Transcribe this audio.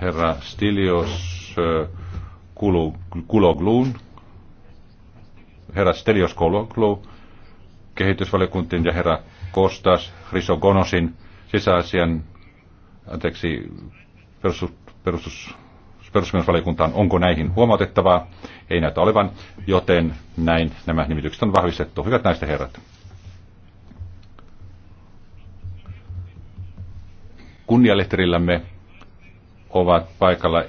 herra Stilios Kulogluun, herra Stelios Kuloglu, kehitysvaliokuntien ja herra Kostas Risogonosin sisäasian, anteeksi, perustus, perustus, Onko näihin huomautettavaa? Ei näytä olevan, joten näin nämä nimitykset on vahvistettu. Hyvät näistä herrat. Kunnialehterillämme ovat paikalla